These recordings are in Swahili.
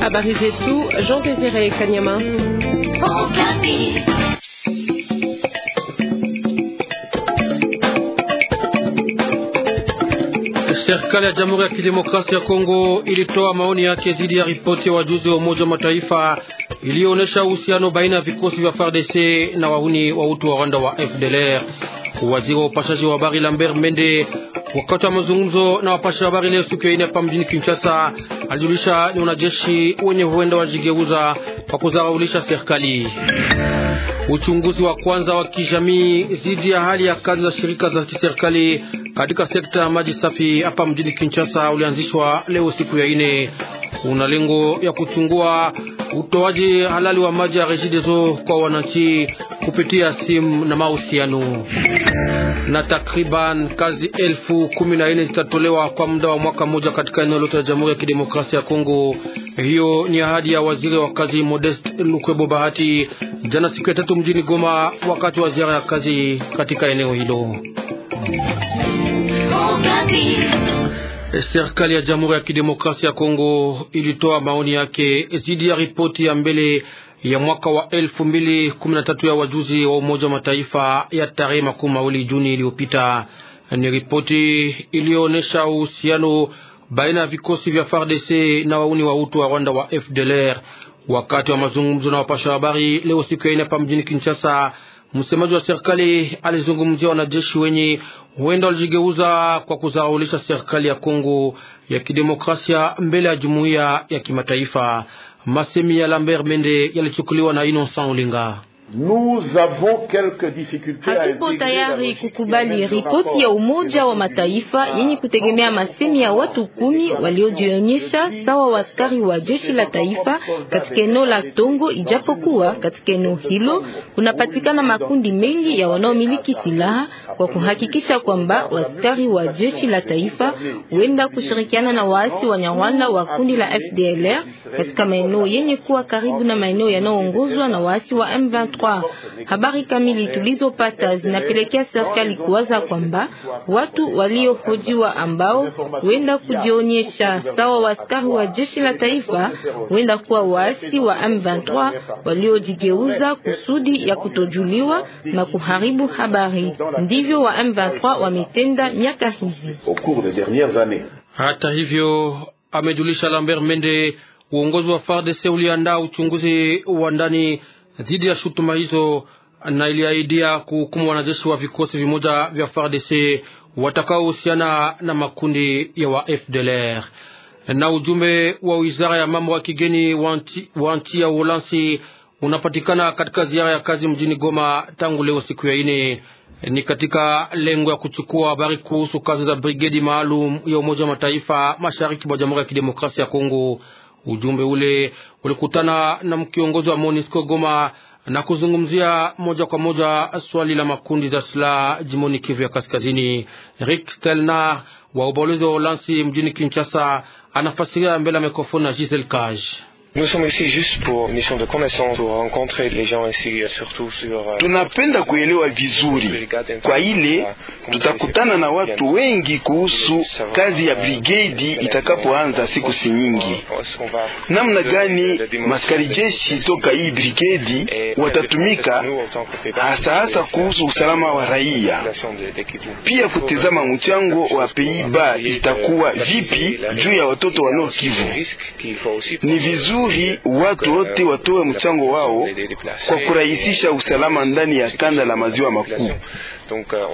Habari zetu Jean Désiré Kanyama. Okapi. Serikali ya Jamhuri ya Kidemokrasia ya Kongo ilitoa maoni yake dhidi ya ripoti ya wajuzi wa Umoja wa Mataifa iliyoonyesha uhusiano baina ya vikosi vya FARDC na wauni wa utu wa Rwanda wa FDLR. Waziri wa upashaji wa habari Lambert Mende Wakati wa mazungumzo na wapasha habari leo siku ya ine hapa mjini Kinshasa, alijulisha ni wanajeshi wenye huenda wajigeuza kwa kuzaraulisha serikali. Uchunguzi wa kwanza wa kijamii dhidi ya hali ya kazi za shirika za kiserikali katika sekta ya maji safi hapa mjini Kinshasa ulianzishwa leo siku ya ine. Una lengo ya kuchungua utoaji halali wa maji ya Regideso kwa wananchi kupitia simu na mahusiano. Na takriban kazi elfu kumi na nne zitatolewa kwa muda wa mwaka mmoja katika eneo lote la Jamhuri ya Kidemokrasia ya Kongo. Hiyo ni ahadi ya waziri wa kazi Modest Lukwebo Bahati jana siku ya tatu mjini Goma, wakati wa ziara ya kazi katika eneo hilo. Serikali ya Jamhuri ya Kidemokrasia ya Kongo ilitoa maoni yake dhidi ya ripoti ya mbele ya mwaka wa elfu mbili kumi na tatu ya wajuzi wa Umoja wa Mataifa ya tarehe makumi mawili Juni iliyopita. Ni ripoti iliyoonyesha uhusiano baina ya vikosi vya FARDC na wauni wa utu wa Rwanda wa FDLR wakati wa mazungumzo na wapasha habari leo siku ya ine hapa mjini Kinshasa. Msemaji wa serikali alizungumzia wanajeshi wenye huenda walijigeuza kwa kuzaulisha serikali ya Kongo ya kidemokrasia mbele ya jumuiya ya kimataifa. masemi ya lambert mende yalichukuliwa na innocent ulinga Hatupo tayari kukubali ripoti ya Umoja wa Mataifa yenye kutegemea masemi ya watu kumi waliojionyesha sawa waskari wa jeshi la taifa katika eneo la Tongo, ijapokuwa katika eneo hilo kunapatikana makundi mengi ya wanaomiliki silaha, kwa kuhakikisha kwamba waskari wa jeshi la taifa huenda kushirikiana na waasi wa Nyarwanda wa kundi la FDLR katika maeneo yenye kuwa karibu na maeneo yanayoongozwa na waasi wa M23. 23 Habari kamili tulizopata zinapelekea serikali kuwaza kwamba watu waliohojiwa ambao wenda kujionyesha sawa waskari wa jeshi la taifa wenda kuwa waasi wa M23 waliojigeuza kusudi ya kutojuliwa na kuharibu habari. Ndivyo wa M23 wametenda miaka hizi. Hata hivyo, amejulisha Lambert Mende, uongozi wa FARDC uliandaa uchunguzi wa ndani dhidi ya shutuma hizo na iliahidia kuhukumu wanajeshi wa vikosi vimoja vya FARDC watakaohusiana na makundi ya wa FDLR. Na ujumbe wa wizara ya mambo ya kigeni wa nchi ya Uholanzi unapatikana katika ziara ya kazi mjini Goma tangu leo siku ya ine, ni katika lengo ya kuchukua habari kuhusu kazi za brigedi maalum ya Umoja wa Mataifa mashariki mwa Jamhuri ya Kidemokrasia ya Kongo. Ujumbe ule ulikutana na mkiongozi wa Monisco Goma na kuzungumzia moja kwa moja swali la makundi za silaha jimoni Kivu ya Kaskazini. Rick stelnar wa ubalozi wa Ulansi mjini Kinshasa anafasiria mbele ya mikrofoni na Gisel Kaj. Nous sommes ici juste pour mission de connaissance, pour rencontrer les gens ici, surtout sur... Euh, Tunapenda kuelewa vizuri, kwa ile ah, tutakutana na watu wengi kuhusu kazi ya brigade itakapoanza siku si nyingi, namna gani maskari jeshi toka hii brigade watatumika, hasa hasa kuhusu usalama wa raia, pia kutizama mchango wa peiba itakuwa vipi juu ya watoto wa Nord Kivu. Ni vizuri vizuri watu wote watoe mchango wao kwa kurahisisha usalama ndani ya kanda la maziwa makuu.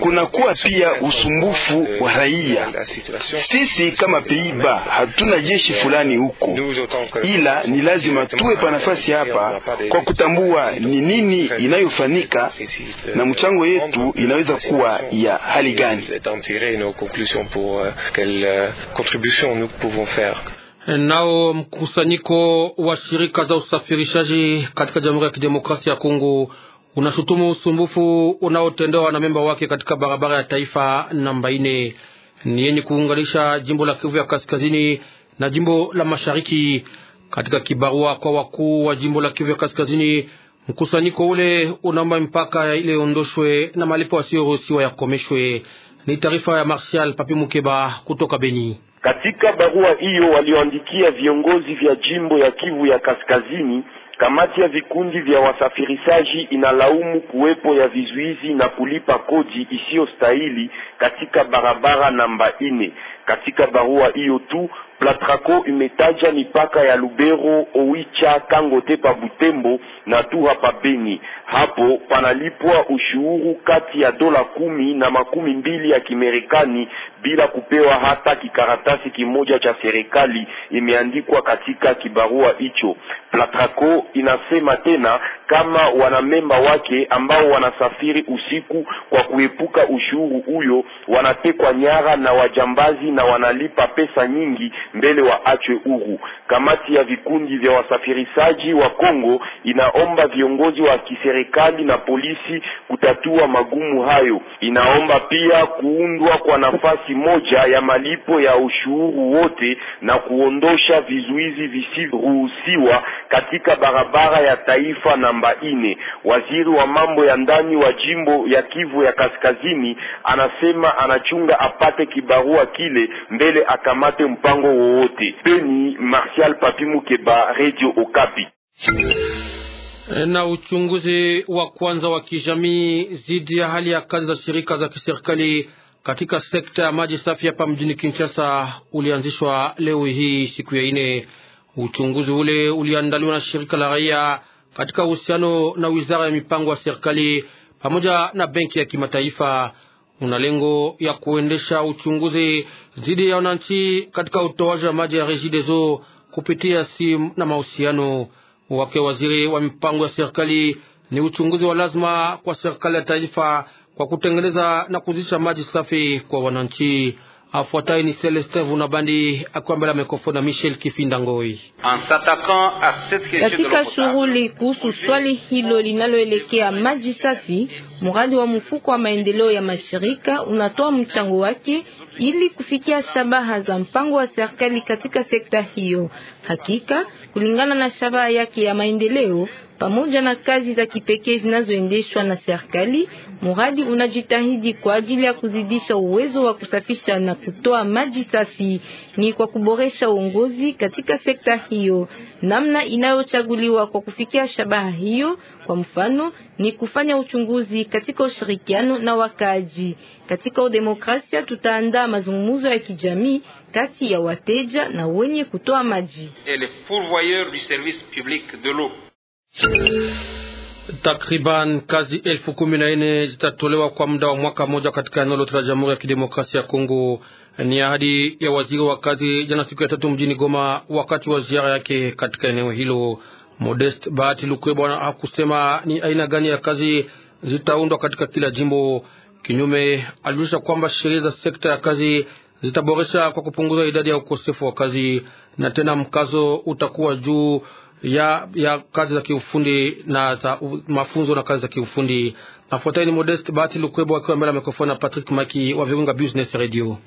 Kunakuwa pia usumbufu wa raia. Sisi kama Peiba hatuna jeshi fulani huko, ila ni lazima tuwe pa nafasi hapa kwa kutambua ni nini inayofanyika na mchango yetu inaweza kuwa ya hali gani. Nao mkusanyiko wa shirika za usafirishaji katika Jamhuri ya Kidemokrasia ya Kongo unashutumu usumbufu unaotendewa na memba wake katika barabara ya taifa namba ine ni yenye kuunganisha jimbo la Kivu ya kaskazini na jimbo la mashariki. Katika kibarua kwa wakuu wa jimbo la Kivu ya kaskazini, mkusanyiko ule unaomba mipaka ile ondoshwe na malipo yasiyoruhusiwa yakomeshwe. Ni taarifa ya Martial Papi Mukeba kutoka Beni. Katika barua hiyo walioandikia viongozi vya jimbo ya Kivu ya Kaskazini, kamati ya vikundi vya wasafirishaji inalaumu kuwepo ya vizuizi na kulipa kodi isiyostahili katika barabara namba ine. Katika barua hiyo tu Platraco imetaja mipaka ya Lubero, Oicha, Kangote pa Butembo na tu hapa Beni. Hapo panalipwa ushuru kati ya dola kumi na makumi mbili ya kimerekani bila kupewa hata kikaratasi kimoja cha serikali, imeandikwa katika kibarua hicho. Platraco inasema tena kama wanamemba wake ambao wanasafiri usiku kwa kuepuka ushuru huyo, wanatekwa nyara na wajambazi na wanalipa pesa nyingi mbele waachwe huru. Kamati ya vikundi vya wasafirishaji wa Kongo inaomba viongozi wa kiserikali na polisi kutatua magumu hayo. Inaomba pia kuundwa kwa nafasi moja ya malipo ya ushuru wote na kuondosha vizuizi visivyoruhusiwa katika barabara ya taifa na namba ine. Waziri wa mambo ya ndani wa jimbo ya Kivu ya Kaskazini anasema anachunga apate kibarua kile mbele akamate mpango wowote. Beni, Martial Papi Mukeba, Radio Okapi. Na uchunguzi wa kwanza wa kijamii dhidi ya hali ya kazi za shirika za kiserikali katika sekta ya maji safi hapa mjini Kinshasa ulianzishwa leo hii siku ya ine. Uchunguzi ule uliandaliwa na shirika la raia katika uhusiano na wizara ya mipango ya serikali pamoja na benki ya kimataifa una lengo ya kuendesha uchunguzi dhidi ya wananchi katika utoaji wa maji ya Regideso kupitia simu na mahusiano wake. Waziri wa mipango ya serikali ni uchunguzi wa lazima kwa serikali ya taifa kwa kutengeneza na kuzisha maji safi kwa wananchi. Afuatayo ni Celestin Vunabandi akwambela mikrofoni na Michel Kifinda Ngoi. Katika shughuli kuhusu swali hilo linaloelekea maji safi, mradi wa mfuko wa maendeleo ya mashirika unatoa mchango wake ili kufikia shabaha za mpango wa serikali katika sekta hiyo. Hakika kulingana na shabaha yake ya maendeleo pamoja na kazi za kipekee zinazoendeshwa na serikali, muradi unajitahidi kwa ajili ya kuzidisha uwezo wa kusafisha na kutoa maji safi, ni kwa kuboresha uongozi katika sekta hiyo, namna inayochaguliwa kwa kufikia shabaha hiyo, kwa mfano ni kufanya uchunguzi katika ushirikiano na wakaji. Katika udemokrasia, tutaandaa mazungumzo ya kijamii kati ya wateja na wenye kutoa maji. Takriban kazi elfu kumi na nne zitatolewa kwa muda wa mwaka mmoja katika eneo lote la Jamhuri ya Kidemokrasia ya Kongo. Ni ahadi ya waziri wa kazi jana siku ya tatu mjini Goma, wakati wa ziara yake katika eneo hilo. Modest Bahati bwana hakusema ni aina gani ya kazi zitaundwa katika kila jimbo. Kinyume, alijulisha kwamba sheria za sekta ya kazi zitaboresha kwa kupunguza idadi ya ukosefu wa kazi, na tena mkazo utakuwa juu ya, ya kazi za kiufundi na za mafunzo na kazi za kiufundi. Afuatai ni Modest Bahati Lukwebwa akiwa mbele ya mikrofoni na Patrick Maki wa Virunga Business Radio.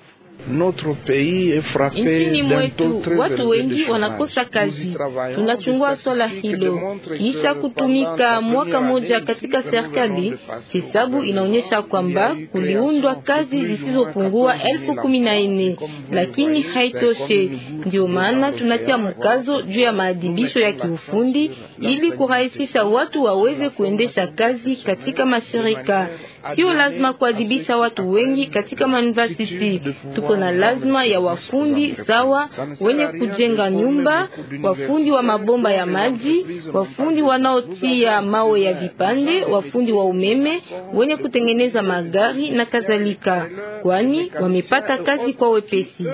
Nchini mwetu watu wengi wanakosa kazi. Tunachungua swala hilo kisha kutumika mwaka moja katika serikali. Hesabu inaonyesha kwamba kuliundwa kazi zisizopungua elfu kumi na nne, lakini haitoshe. Ndio maana tunatia mkazo juu ya maadibisho ya kiufundi ili kurahisisha watu waweze kuendesha kazi katika mashirika. Sio lazima kuadibisha watu wengi katika mauniversiti iko na lazima ya wafundi sawa, wenye kujenga nyumba, wafundi wa mabomba ya maji, wafundi wanaotia mawe ya vipande, wafundi wa umeme, wenye kutengeneza magari na kadhalika, kwani wamepata kazi kwa wepesi.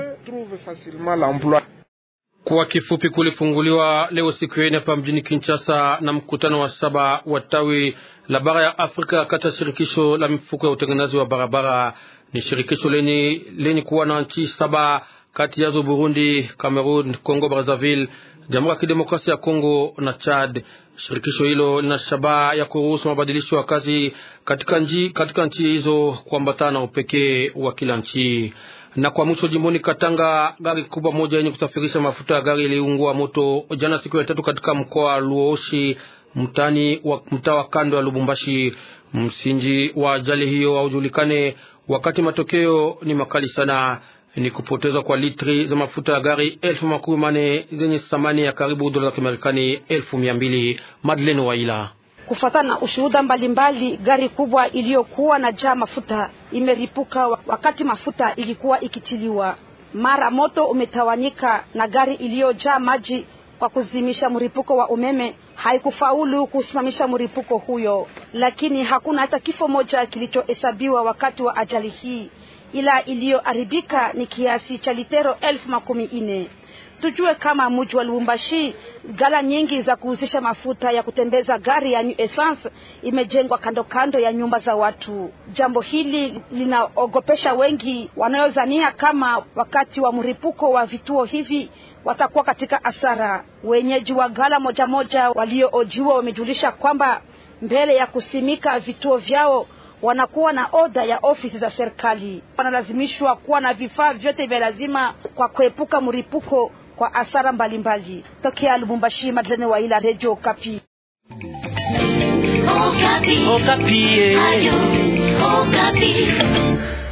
Kwa kifupi, kulifunguliwa leo siku ya ine hapa mjini Kinshasa na mkutano wa saba wa tawi la bara ya Afrika kati ya shirikisho la mifuko ya utengenezaji wa barabara ni shirikisho lenye, lenye kuwa na nchi saba kati yazo Burundi, Cameroon, Congo Brazzaville, Jamhuri ya Kidemokrasia ya Kongo na Chad. Shirikisho hilo lina shabaha ya kuruhusu mabadilisho ya kazi katika nchi katika nchi hizo kuambatana na upekee wa kila nchi. Na kwa mwisho, jimboni Katanga, gari kubwa moja yenye kusafirisha mafuta ya gari iliungua moto jana siku ya tatu katika mkoa wa Luoshi, mtani wa mtaa wa kando ya Lubumbashi. Msingi wa ajali hiyo haujulikane wakati matokeo ni makali sana, ni kupotezwa kwa litri za mafuta ya gari elfu makumi mane zenye thamani ya karibu dola za Kimarekani elfu mia mbili. Madeleine Waila Kufatana na ushuhuda mbalimbali, gari kubwa iliyokuwa na jaa mafuta imeripuka wakati mafuta ilikuwa ikitiliwa. Mara moto umetawanyika na gari iliyojaa maji kwa kuzimisha mripuko wa umeme haikufaulu kusimamisha mlipuko huyo, lakini hakuna hata kifo moja kilichohesabiwa wakati wa ajali hii ila iliyoharibika ni kiasi cha litero elfu makumi Tujue kama mji wa Lubumbashi gala nyingi za kuhusisha mafuta ya kutembeza gari ya New Essence imejengwa kando kando ya nyumba za watu. Jambo hili linaogopesha wengi wanayozania kama wakati wa mripuko wa vituo hivi watakuwa katika hasara. Wenyeji wa gala moja moja walioojiwa wamejulisha kwamba mbele ya kusimika vituo vyao wanakuwa na oda ya ofisi za serikali, wanalazimishwa kuwa na vifaa vyote vya lazima kwa kuepuka mripuko kwa asara mbalimbali. Tokea Lubumbashi, Madlene Waila, Radio Okapi. Okapi. Okapi. Eh. Okapi.